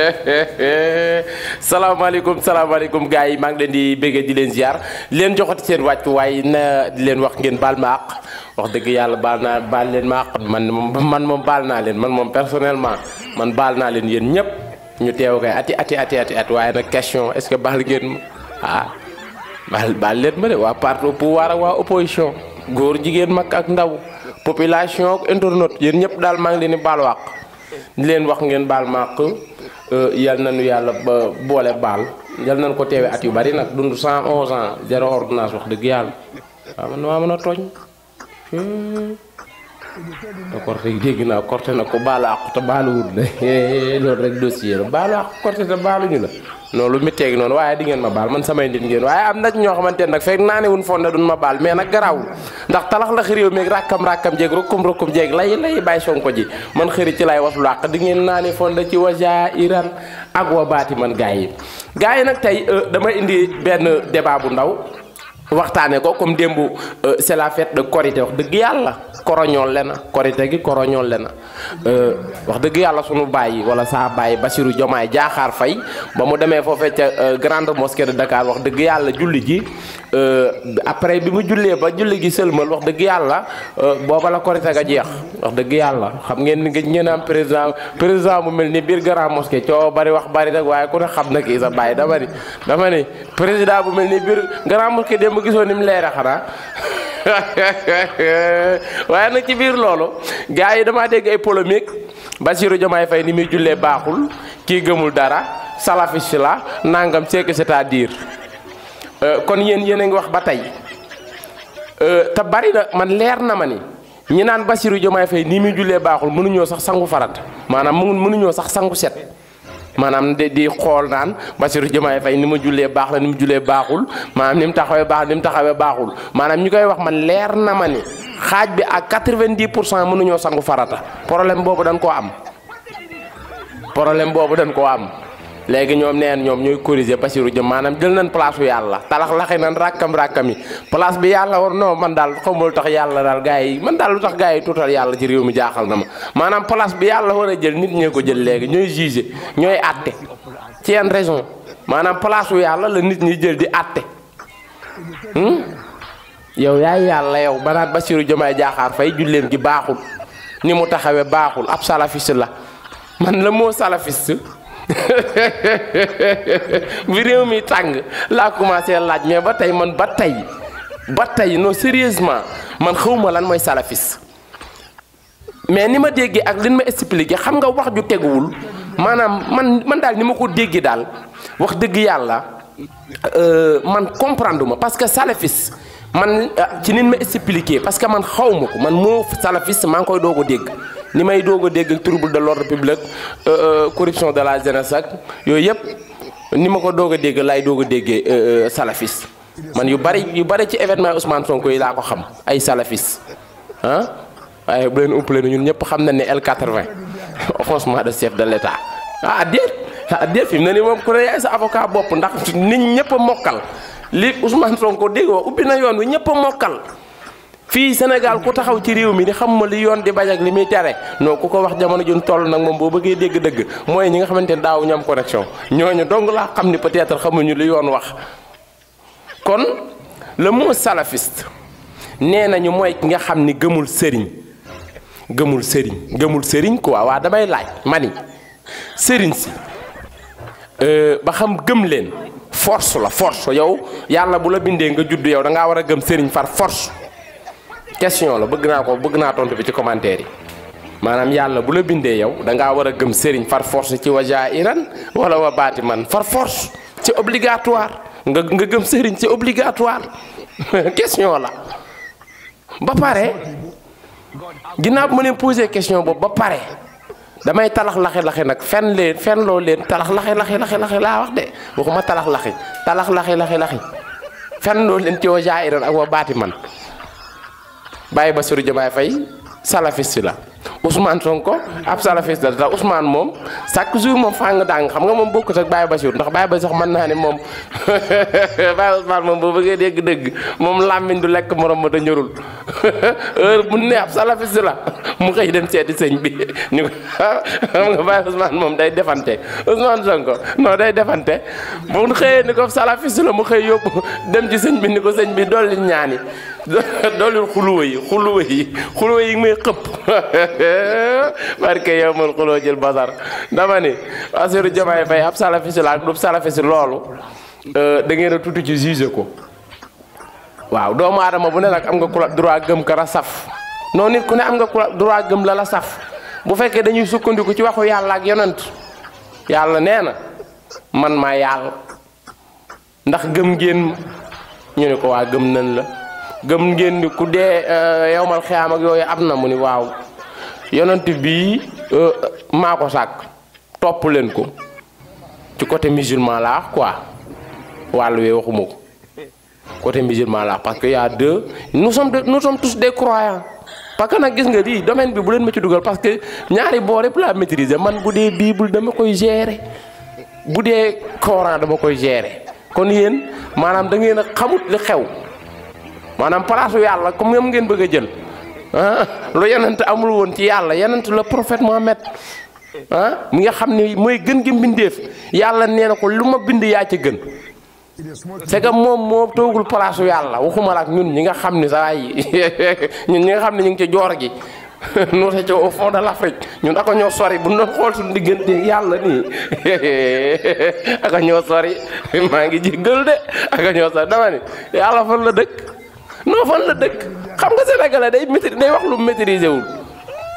salaamaaleykum salaamaaleykum gars yi maa ngi leen di béggee di leen ziar leen joxati seen wàccu waaye na di leen wax ngeen baal ma wax dëgg yàlla baal naa baal leen ma àq man moom man moom baal naa leen man moom personnellement man baal naa leen yéen ñëpp ñu teew kay ati ati ati ati at waaye nag question est-ce que baal ngeen ah baal baal leen ma de waa parti au pouvoir ak waa opposition góor jigéen mag ak ndaw population ak internaute yéen ñëpp daal maa ngi leen di baal wàq leen wax ngeen baal ma Euh, yal nañu yàlla ba boole baal yal nañu ko teewee at yu bari nag dund 111 ans zéro ordonnance wax dëgg yàlla waaw man maa mën a tooñ. te korte dégg naa korte na ko baalu àqu te baalu wut la loolu rek dossier la baalu àqu korte te baaluñu la. loolu méttee gi noonu waaye di ngeen ma baal man samay nit ngeen waaye am na ci ñoo xamante ne nag fekk naa ne wuñ fonde duñ ma baal mais nag garaawul ndax talax la réew meeg rakkam rakkam jeeg rukkum rukkum jeeg lay lay bàyyi sonko ji man xëri ci lay was lu àq di ngeen naa ne fonde ci waja iran ak wa baati man gaay yi gars yi nag tey euh, dama indi benn débat bu ndaw waxtaane ko comme démb euh, c'est la fête de Korité wax dëgg yàlla koroñool le na Korité gi koroñool le na euh, wax dëgg yàlla sunu bàyyi wala saa bàyyi Bassirou Diomaye Diakhar Faye ba mu demee foofee ca euh, grande mosquée de Dakar wax dëgg yàlla julli ji après bi mu jullee ba julli gi sëlmal wax dëgg yàlla booba la Korité ga jeex wax dëgg yàlla xam ngeen ni ngeen am président président bu mel ni biir grand mosquée coo bari wax bari rek waaye ku ne xam na kii sa bàyyi dama ni président bu mel ni biir grand mosquée démb bu gisoo ni mu leere xanaa waaye nag ci biir loolu gars yi damaa dégg ay polémique Bassirou Diomaye fay ni muy jullee baaxul kii gëmul dara salafiste la nangam c'est que c'est-à-dire euh, kon yéen yéen a ngi wax ba tey euh, te bari na man leer na ma ni ñi naan Bassirou Diomaye fay nii muy jullee baaxul mënuñoo sax sangu farat maanaam mënuñoo sax sangu set maanaam di di xool naan Bassirou Diomaye Faye ni mu jullee baax la ni mu jullee baaxul maanaam ni mu taxawee baax ni mu taxawee baaxul maanaam ñu koy wax man leer na ma ni xaaj bi ak quatre-vingt-dix pour cent mënuñoo sangu farata problème boobu dañ koo am problème boobu dañ koo am. léegi ñoom neen ñoom ñooy corriger Bassirou Diomaye maanaam jël nañ place u yàlla talax laxe nan rakkam rakkam yi place bi yàlla war non man daal xamul tax yàlla daal gars yi man daal lu tax gars yi tuutal yàlla ci réew mi jaaxal na ma maanaam place bi yàlla war a jël nit ñee ko jël léegi ñooy juger ñooy àtte ci yan raison maanaam place u yàlla la nit ñi jël di àtte hmm? yow yaay yàlla yow banaat basiru Diomaye Diakhar Faye julleem gi baaxul ni mu taxawee baaxul ab salafiste la bi réew tang. tàng commencé laaj mais ba tey man ba tey ba tey non sérieusement man xawma lan mooy salafis mais ni ma déggee ak li ma expliquer, xam nga wax ju teguwul manam man man dal ni ma ko déggee daal wax dëgg euh man comprendre ma parce que salafis man ah, ci nin ma expliquer, parce que man xawmako man mo salafis man, koy dogo dégg. ni may doog a ak trouble de l'ordre public euh, euh, corruption de la jeunesse ak yooyu yëpp ni ma ko doog a dégg laay doog a déggee euh, salafis man yu bari yu bari ci événement Ousmane Sonko yi laa ko xam ay salafis ah waaye bu leen umpalee ñun ñëpp xam nañ ne L80 offensement de chef de l'État ah déet ah déet fi mu ne nii moom ku ne sa avocat bopp ndax nit ñëpp a mokkal li Ousmane Sonko dégg ubbi na yoon wi ñëpp a mokkal. fii Sénégal ku taxaw ci réew mi di xam ma li yoon di bañ ak li muy tere non ku ko wax jamono jun toll nag moom boo bëggee dégg dëgg mooy ñi nga xamante ne daaw ñu am connexion ñooñu dong laa xam ni peut-être xamuñu li yoon wax kon le mot salafiste nee nañu mooy ki nga xam ni gëmul sëriñ gëmul sëriñ gëmul sëriñ quoi waa damay laaj ma ni sëriñ si euh, ba xam gëm leen force la force yow yàlla bu la bindee nga juddu yow da ngaa war a gëm sëriñ far force question la bëgg naa ko bëgg naa tontu bi ci commentaire yi maanaam yàlla bu la bindee yow da ngaa war a gëm sëriñ far force ci wajaa iran wala wa baati man far force ci obligatoire nga nga gëm sëriñ ci obligatoire question la ba pare ginnaaw bu ma leen posé question boobu ba pare damay talax laxe laxe nag fen leen fen loo leen talax laxe laxe laxe laxe laa wax de waxuma talax laxe talax laxe laxe laxe fen loo leen ci wajaa iran ak wa baati man bàyyi Bassirou Diomaye Faye salafiste la Ousmane Sonko ab salafiste da te moom chaque jour moom fàng dàng xam nga moom bokkut ak Baye Bassirou ndax ba Bassirou mën naa ne moom Baye Ousmane moom boo bëggee dégg dégg moom làmmiñ du lekk moroom ma da ñorul heure bu ne ab mu xëy dem seeti sëñ bi ñu ah, moom day defante Ousmane Sonko non day defante bu xëyee ni ko salafiste la mu xëy yóbbu dem ci sëñ bi ni ko sëñ bi dolli ñaani doolul xuluwa yi xuluwa yi xuluwa yi may xëpp barke yowmal xuloo jël bazar dama ne Bassirou Diomaye Faye ab salafiste la ak du salafiste loolu euh, da ngeen a tuuti ci juge ko waaw doomu aadama bu ne nag am nga ku la gëm ka la saf non nit ku ne am nga ku la gëm la la saf bu fekkee dañuy sukkandiku ci waxu yàlla ak yonant yàlla nee na man maa yàlla ndax gëm ngeen ñu ne ko waa gëm nañ la gëm ngeen ni ku dee euh, yowmal xiyaam ak yooyu am na mu ni waaw yonent bii euh, maa ko sàkk topp leen ko ci côté musulman laa quoi wàllu wee waxuma ko côté musulman laa parce que y a deux nous sommes tous des croyants parce que nag gis nga di domaine bi bu leen ma ci dugal parce que ñaari boor yëpp laa man bu dee bible dama koy gérer bu dee coran dama koy gere kon yéen maanaam da ngeen a xamut li xew. manam place yalla kum yam ngeen bëgg jël ah, lu ta amul won ci yalla yenen le prophète mohammed han ah, mi nga xamni moy gën gi mbindef yalla neena ko luma bind ya ci gën c'est que mom mo togul place yalla waxuma lak ñun ñi nga xamni sa yi ñun ñi nga xamni ñi ci jor gi no sa ci au fond de l'afrique ñun ako ñoo sori bu no xol suñu digënté yalla ni ako ñoo sori ma ngi jéggal de ako ñoo sori dama ni yalla fa la dëkk nga fan la dëkk xam nga sénégalais day maîtrise day wax lu mu maîtrisé wul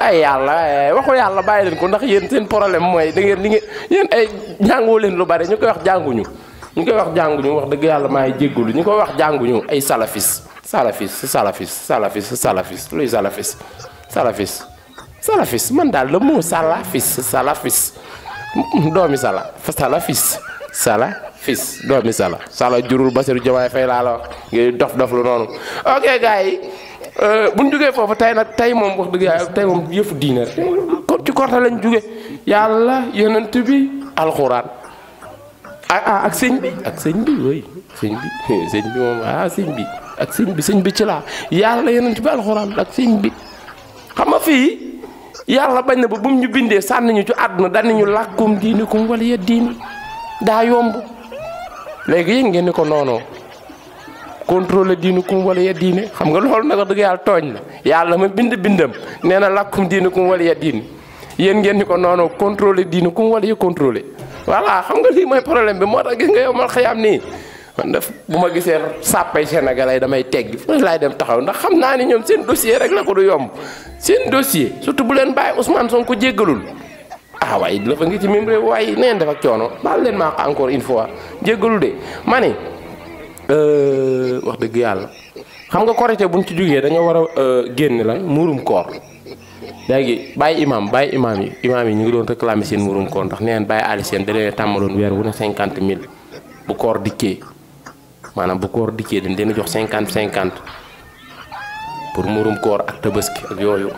ay yàlla eh, waxu yàlla bàyyi leen ko ndax yéen seen problème mooy da ngeen li ngeen yéen ay jàngoo leen lu bari ñu koy wax jànguñu ñu koy wax jànguñu wax dëgg yàlla maa maay lu ñu koy wax jànguñu ay salafis salafis salafis salafis salafis luy salafis salafis salafis man daal la moo salafis salafis doomi sala salafis sala fils doomi Sala Sala jurul basiru Diomaye fay la la ngi dof dof lu noonu ok gars euh buñ duggé fofu tay nak tay mom moom wax dëgg tay mom moom yëfu ko ci korta lañ duggé yalla yonent bi alquran ah, ah ak señ bi ak señ bi oui señ bi señ bi mom ah señ bi ak señ bi señ bi ci la yalla yonent bi alquran ak señ bi xam fi yalla bañ na bu mu ñu bindee sànni ci àdduna danañu làkkum kum wala ya da yomb léegi yéen ngeen ko nono contrôler kum wala ya diine xam nga lool nak wax dëgg yàlla tooñ la yàlla ma bind bindam nee lakum diinu kum wala ya diine yeen ngeen ko nono contrôler kum wala ya contrôler wala xam nga li moy problème bi moo tax gis nga yow mal xiyam ni man def buma ma gisee sénégalais damay tégg fu lay dem taxaw ndax xam ni ñom seen dossier rek la ko du yomb seen dossier surtout bu len baye Ousmane Sonko djéggalul ah way dafa ngi ci membre way waaye neen dafa ciono baal len maa encore une fois ah. jéggalu de mané euh wax deug yalla xam nga korité buñ ci djugé da nga war a eh, génn lan murum koor dagi bay imam bay imam yi imam yi ñu ngi doon réclamer seen murum koor ndax neen bàyyi aali seen dalee tamalon weer wu na 50000 bu koor dikkee manam bu koor dikkee dañ leen jox 50 50 pour murum koor ak tabaski ak yoyu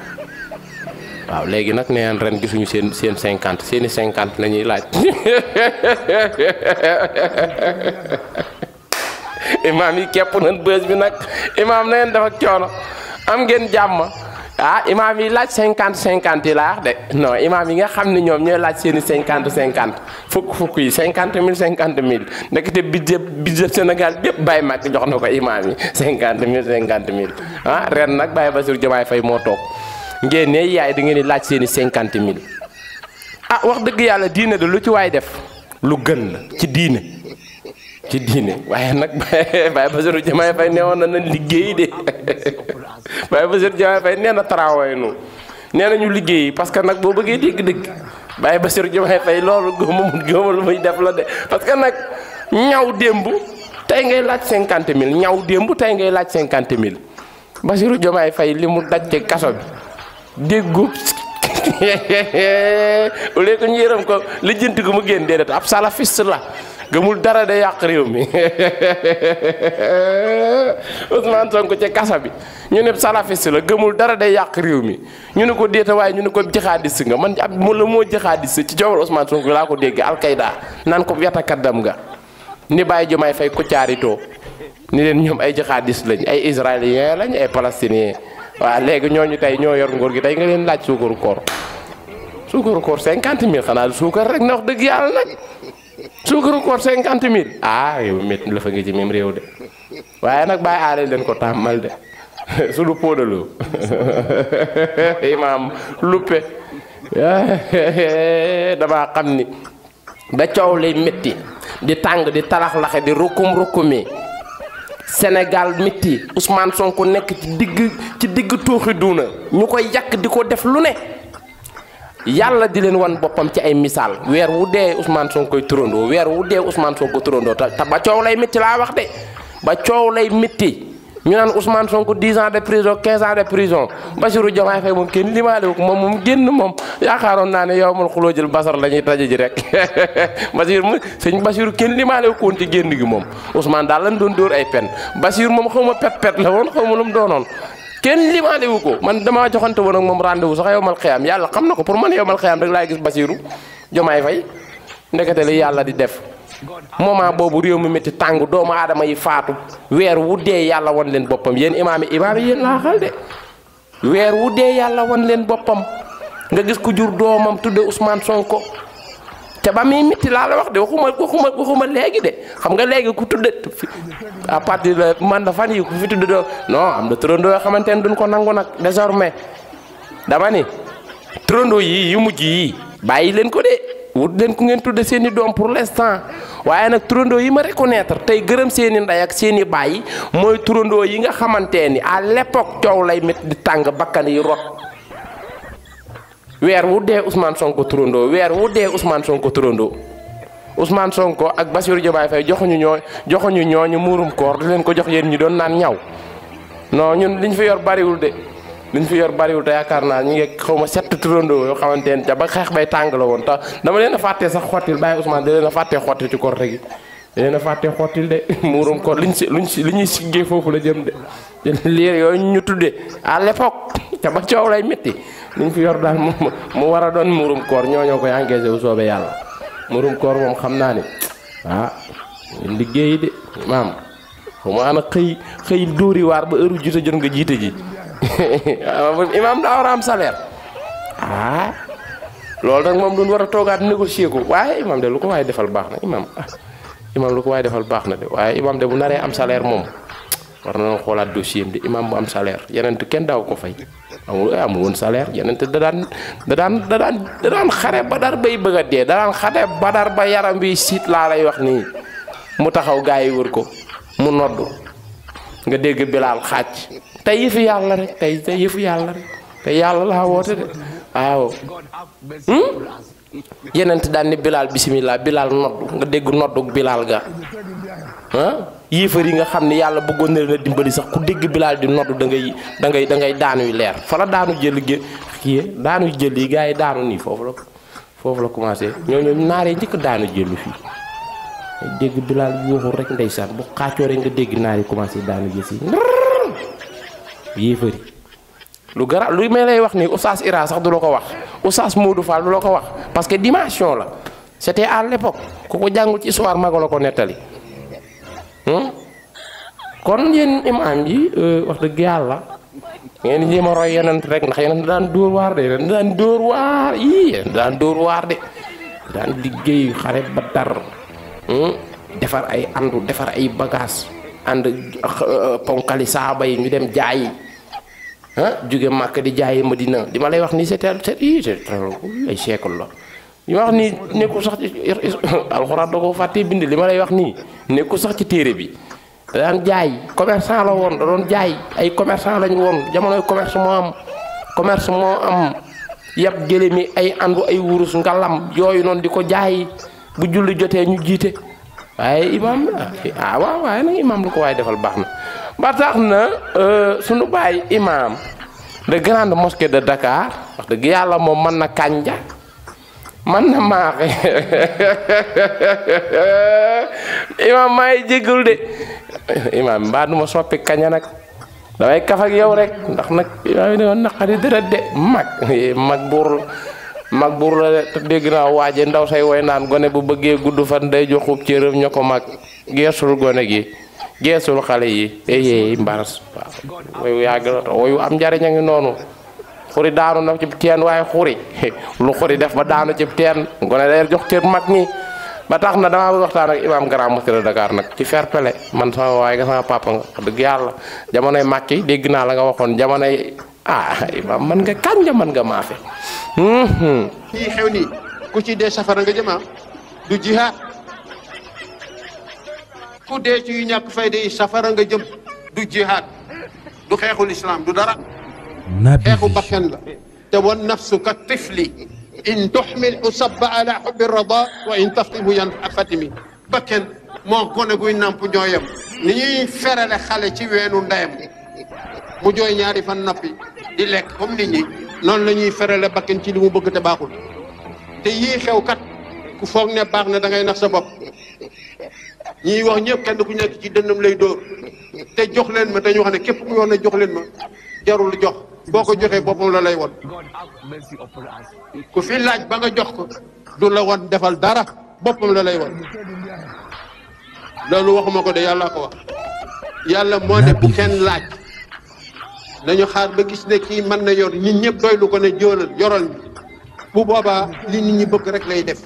waaw léegi nag nee ren gisuñu seen seen cinquante seeni cinquante la ñuy laaj imaam yi képp nañ bës bi nag imaam na ngeen def ak coono am ngeen jàmm ah imaam yi laaj cinquante cinquante yi laa wax de non imaam yi nga xam ne ñoom ñooy laaj seeni cinquante cinquante fukk fukk yi cinquante mille cinquante mille ndekete budget budget Sénégal bépp Baye Macky jox na ko imaam yi cinquante mille cinquante mille ah ren nag Baye Bassirou Diomaye Faye moo toog. ngeen ne yaay da ngeen di laaj seen 50000 ah wax deug yalla diine de lu ci way def lu gën la ci diine ci diine waye nak Baye Bassirou jamaay fay neewon na liggey de Baye Bassirou Diomaye Faye nee na travail nu neena ñu liggey parce que nak bo bëggee deug deug Baye Bassirou jamaay fay loolu góoma góoma lu muy def la de parce que nak ñaw dembu tay ngay laaj 50000 mille ñaw démb tey ngay laaj 50000 mille Bassirou Diomaye Faye li mu daj ci kaso bi degup au ko que ñu yërëm ko lijjanti ko mu gën déedéet ab salafist la gëmul dara day yàq réew mi Ousmane Sonko ci kassa bi ñu ne salafist la gëmul dara day yàq réew mi ñu ne ko déeta way ñu ne ko jihadist nga man ab mo mo jihadist ci jowal Ousmane Sonko la ko al alkayda nan ko yatakaddam nga ni bàyyi jumaay fay ko ni len ñom ay jihadist lañ ay israéliens lañ ay palestiniens wa léegi ñooñu tay ñoo yor ngor gi tay nga leen laaj sukur koor sukur koor 50000 xana sukur rek na wax dëgg nak nag suukaru koor 50000 ah yow met la fa nga ci même rew de waye nak bay aale leen ko tamal de su lu póodaloo imam luppe damaa xam ni da ciow lay metti di tang di talax laxe di rukum rukumi Sénégal métti Ousmane Sonko nekk ci digg ci digg tuuxi duuna ñu koy yàq di ko def lu ne yàlla di leen wan boppam ci ay misaal weer wu dee Ousmane Sonko turandoo weer wu dee Ousmane Sonko turandoo te ba coow lay métti laa wax de ba coow lay métti ñu naan Ousmane Sonko 10 ans de prison 15 ans de prison Bassirou Diomaye Faye moom kenn limaale ko moom moom génn moom yaakaaroon naa ne yow mal xuloo jël basar la ñuy taje ji rek Bassirou mu sëñ Bassirou kenn limaale génn gi moom Ousmane daal lañ doon dóor ay pen Bassirou moom xaw ma pet pet la woon xaw ma lu mu doonoon kenn limaale wu ko man damaa joxante woon ak moom rendez-vous sax yow mal xiyaam yàlla xam na ko pour man yow mal xiyaam rek laay gis Bassirou Diomaye Faye ndekete li yàlla di def moment boobu réew mi métti tàng doomu aadama yi faatu weer wu dee yàlla wan leen boppam yéen imaam yi imaam yi yéen de weer wu dee yàlla wan leen boppam nga gis ku jur doomam tudde Ousmane Sonko te ba muy métti laa la wax de waxuma waxuma waxuma léegi de xam nga léegi ku tudde à partir de man da fan yi ku fi tudde doo non am na turandoo yoo xamante ne duñ ko nangu nag désormais dama ni turandoo yi yu mujj yi bàyyi leen ko de. wut leen ku ngeen tudde seeni dom doom pour l'instant waye nak turandoo yi ma reconnaître tay gërëm seeni nday ak seeni i moy mooy yi nga xamanteni à l'époque lay met di tang bakane yi rot weer wu dee Ousmane Sonko turandoo weer wu dee Ousmane Sonko turandoo Ousmane Sonko ak Bassirou Diomaye Faye joxuñu ñoo joxuñu ñu murum koor di leen ko jox yeen ñi doon naan ñaw non ñun liñ fi yor wul de. liñ fi yor bariwul yaakaar naa ñu ngi xaw ma sett turandoo yoo xamante ne ca ba xeex bay tàng la woon te dama leen a fàttee sax xottil bàyyi Ousmane da leen a fàttee xottil ci korte gi da leen a fàttee xottil de muurum ko liñ si luñ si li ñuy siggee foofu la jëm de te liir yooyu ñu tuddee à l'époque ca ba coow lay métti liñ fi yor daal mu war a doon muurum koor ñoo ñoo koy engagé bu soobee yàlla muurum koor moom xam naa ne ah liggéeyi de maam xaw ma ana xëy xëy dóori waar ba heure jot jot nga jiite ji imaam daa war a am salaire ah loolu nag moom duñ war a toogaat négocier ko waaye imaam de lu ko waaye defal baax na imaam ah imaam lu ko waaye defal baax na de waaye imaam de bu naree am salaire moom war na xoolaat dossier am de imaam bu am salaire yeneen kenn daaw ko fay amul amul woon salaire yeneen da daan da ba da daan da daan bay bëgg a da daan xare badar ba yaram wi siit laa lay wax nii mu taxaw gaa yi wër ko mu nodd nga dégg bilaal xaaj tay yëfi yalla rek tay tay yëfi yalla rek te yalla la wote de waaw hmm? yenent daan ni bilal bismillah bilal nodd nga deg nodduk bilal ga hmm yifari nga xamni yalla yàlla bëggoon na leen dimbali sax ku deg bilal di nodd da ngay da ngay da ngay daanuy leer la daanu jël gi kii ya, daanu jël yi gars daanu ni fofu la fofu la commencé ñoo ñoom naaree njëkk daanu fi deg bilal yu xur rek ndeysaan bu rek nga deg naari commencé daanu jël yéefar lu gara lu may wax ni oustaz Ira sax du loko wax oustaz Modou Fall du loko wax parce que dimension la c'était à l'époque ku jangul ci histoire mago la netali hmm kon yeen imam yi euh, wax dëgg yalla ngeen di ma roy yenen rek ndax yenen daan door war de daan door war yi daan door war de daan liggey xare ba dar hmm? defar ay andu defar ay bagage and euh, ponkali sahaba yi ñu dem jaay ah jóge màkk di jaayi dina li ma lay wax ni seetal seet yi seetal ay siècle la li ma wax nii nekkul sax ci alxuraan bind li ma lay wax nii nekkul sax ci téere bi da jaay commerçant la woon da doon jaay ay commerçant lañu woon jamonoy commerce moo am commerce moo am yab gëlémi ay àndu ay wurus ngalam yooyu noonu di ko jaay bu julli jotee ñu jiite waaye imaam ah waaw waaye nag imaam lu ko waaye defal baax na. ba tax na euh, sunu baay imam de grande mosquée de dakar wax deug yalla mom man na kanja man na imam may jégul de imam ba duma soppi kanja nak damay kaf ak yow rek ndax nak imam de naqari dara de mag mag bur mak bur la te dégg naa waaje ndaw say way nan goné bu bëggee gudd fan day ci cëram ñoko mag gesul goné gi geesul xale yi eyéey eh, eh, mbaras waaw woyu yàgg na woyu am njariñ a ngi noonu xuri daanu na ci teen waaye xuri lu xuri def ba daanu ci teen gone day jox cër mag ñi ba tax na damaa bëgg waxtaan ak imam Grand Mosquée de Dakar nag ci fair-play man sama waaye nga sama papa nga wax dëgg yàlla jamonoy dégg naa la nga waxoon jamonoy ah imam man nga kanja man nga maafe hmm, hmm. fii xew nii ku ci dee safara nga jëmaa ah. du jihaat ku dee ci yu ñàkk fayda yi safara nga jëm du jihaad du xeexul islaam du dara xeexu bakkan la te wan nafsu ka tifli in tuxmil usabba ala xubbi rada wa in taftimhu yan fatimi bakkan moo gone guy nàmp ñooyam ni ñuy ferale xale ci weenu ndeyam mu jooy ñaari fan noppi di lekk comme nit ñi noonu la ñuy ferale bakkan ci li mu bëgg te baaxul te yii xew kat ku foog ne baax na dangay ngay nax sa bopp ñiy wax ñëpp kenn ku nekk ci dënnam lay dóor te jox leen ma dañu wax ne képp ku yoon ne jox leen ma jarul jox boo ko joxee boppam la lay won ku fi laaj ba nga jox ko du la won defal dara boppam la lay won loolu waxuma ko de yàlla ko wax yàlla moo ne bu kenn laaj nañu xaar ba gis ne kii mën na yor ñun ñëpp doylu ko ne jóolal yoral bi bu boobaa li nit ñi bëgg rek lay def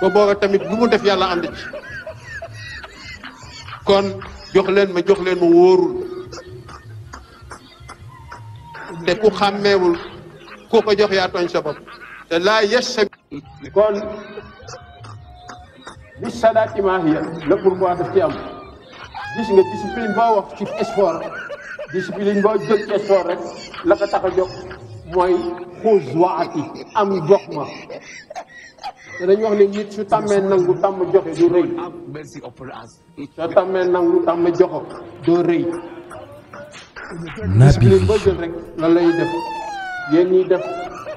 ba booba tamit lu mu def yàlla ànd ci kon jox leen ma jox leen ma wóorul te ku xàmmeewul ku ko jox yaa tooñ sa te laa yessa kon bi salaat imaahiya la pourquoi daf ci am gis nga discipline boo wax ci sport discipline boo jóg ci rek la ko tax a jóg mooy xuus waati am jox ma te dañu wax ne nit su tàmmee nangu tàmm joxe du rëy soo tàmmee nangu tàmm joxo doo rëy discipline boo jël rek la lay def yéen ñiy def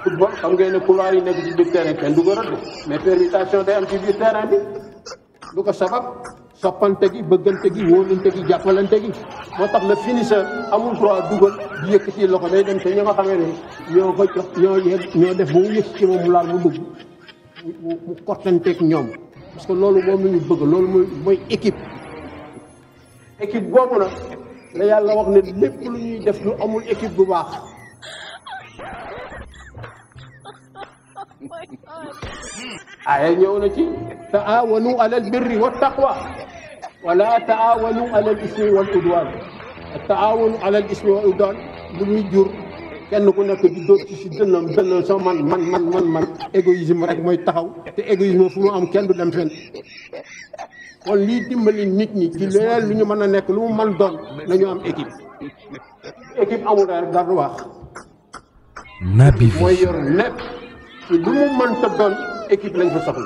football xam ngeen ne couloir yi nekk ci biir terrain kenn du ko rëdd mais permutation day am ci biir terrain bi du ko sabab soppante gi bëggante gi wóolante gi jàppalante gi moo le finisseur amul droit dugal di yëkkati loxo day dem te ñi nga xamee ñoo ko jox ñoo yegg ñoo def ba mu yëkk laal mu dugg mu kortanteeg ñoom parce que loolu bëgg loolu mooy mooy équipe équipe boobu nag la yàlla wax ne lépp lu ñuy def lu amul équipe bu baax aaya ñëw na ci taawanu alal birri wa taqwa wala taawanu alal ismi wal udwan taawanu alal jur kenn ku nekk di dóor ci si dënnam dënnam man man man man man rek mooy taxaw te am dem kon dimbali nit ñi lu ñu lu mu doon nañu équipe équipe amul rek wax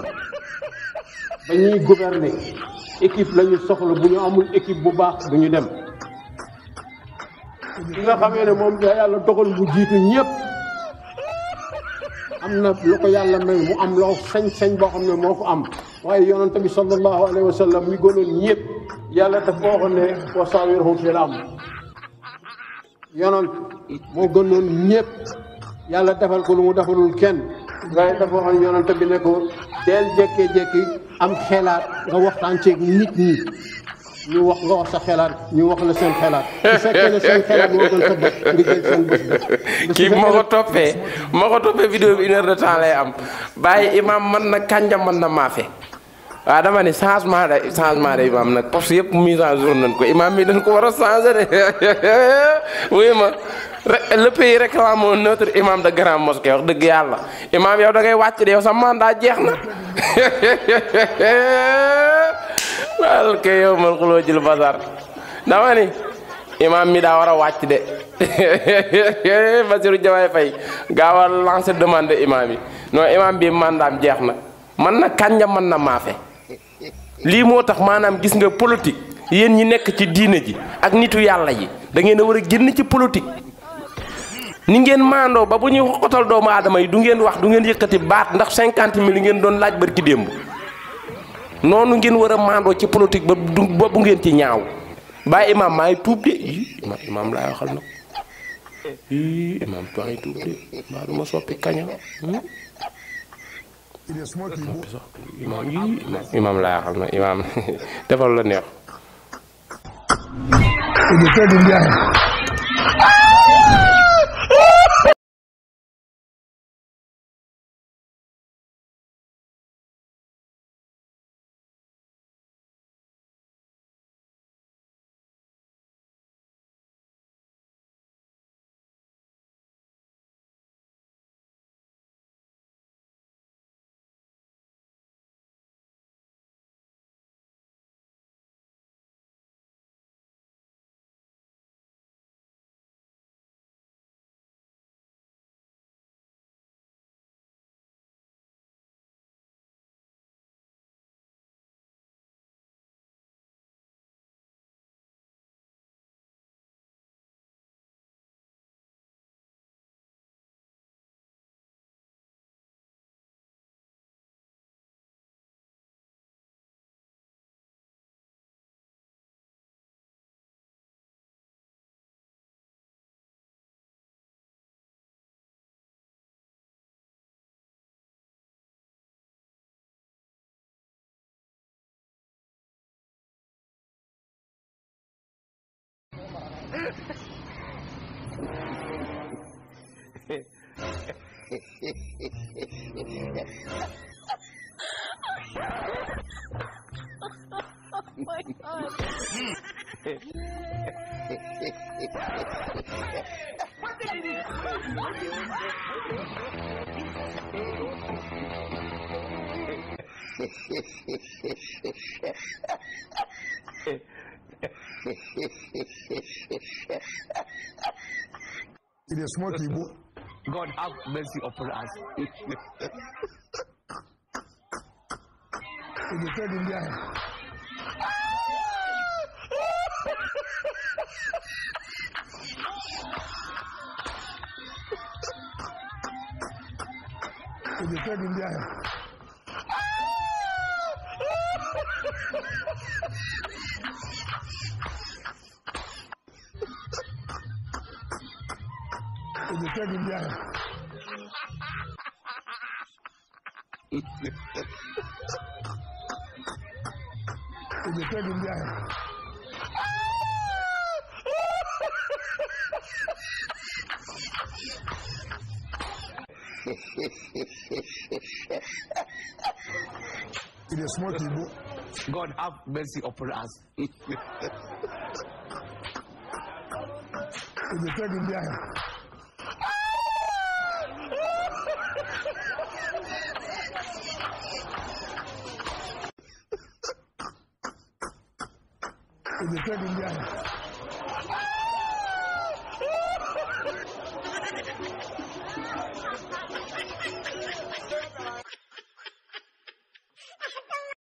équipe gouverner équipe ki nga xamee ne moom da yàlla dogal mu jiitu ñëpp am na lu yàlla may mu am loo sañ-sañ boo xam ne moo ko am waaye yonent bi sallallahu alayhi wa sallam gënoon ñëpp yàlla daf ko waxoon ne wa yàlla defal ko lu mu defalul kenn waaye dafa waxoon yonent bi ne ko deel jékkee-jékki am xelaat nga waxtaan ceeg nit ñi la seen kii moo ko toppee moo ko toppee vidéo bi une heure de am bàyyi imaam mën na kànja mën na maafe waaw dama ne changement de changement de imaam nag parce que yëpp mise en jour nañ ko imaam bi dañ war a changer de wuyu ma le imam de grande mosquée wax dëgg yàlla imam yow da wàcc de yow sa mandat jeex na Oke, ke yawmal xulóojil bazar dama ni imam mi daa war a wàcc de Bassirou Gawal Faye gaawal lancer demande imam yi no imam bi mandaam jeex na man na kànja man na maafe lii moo tax gis nga politique yéen ñi nekk ci diine ji ak nitu yàlla yi da ngeen a war a génn ci politique ni ngeen mando ba bu ñuy xotal doomu aadama yi du ngeen wax du ngeen baat ndax ngeen doon laaj barki noonu ngeen war a maandoo ci politique ba bu ngeen ci ñaaw bàyyi imaam maa ngi tuub de i imaam imaam laay waxal ma soppi kaña imaam yi imaam imaam defal la neex oh my god. what did it do? it is small smoky. God have mercy upon us. in the third India. in the third India. Èdèkẹ́ in bíara. Èdèkẹ́ di bíara. It is small table. God have mercy upon us. Èdèkẹ́ di bíara. 这个零件。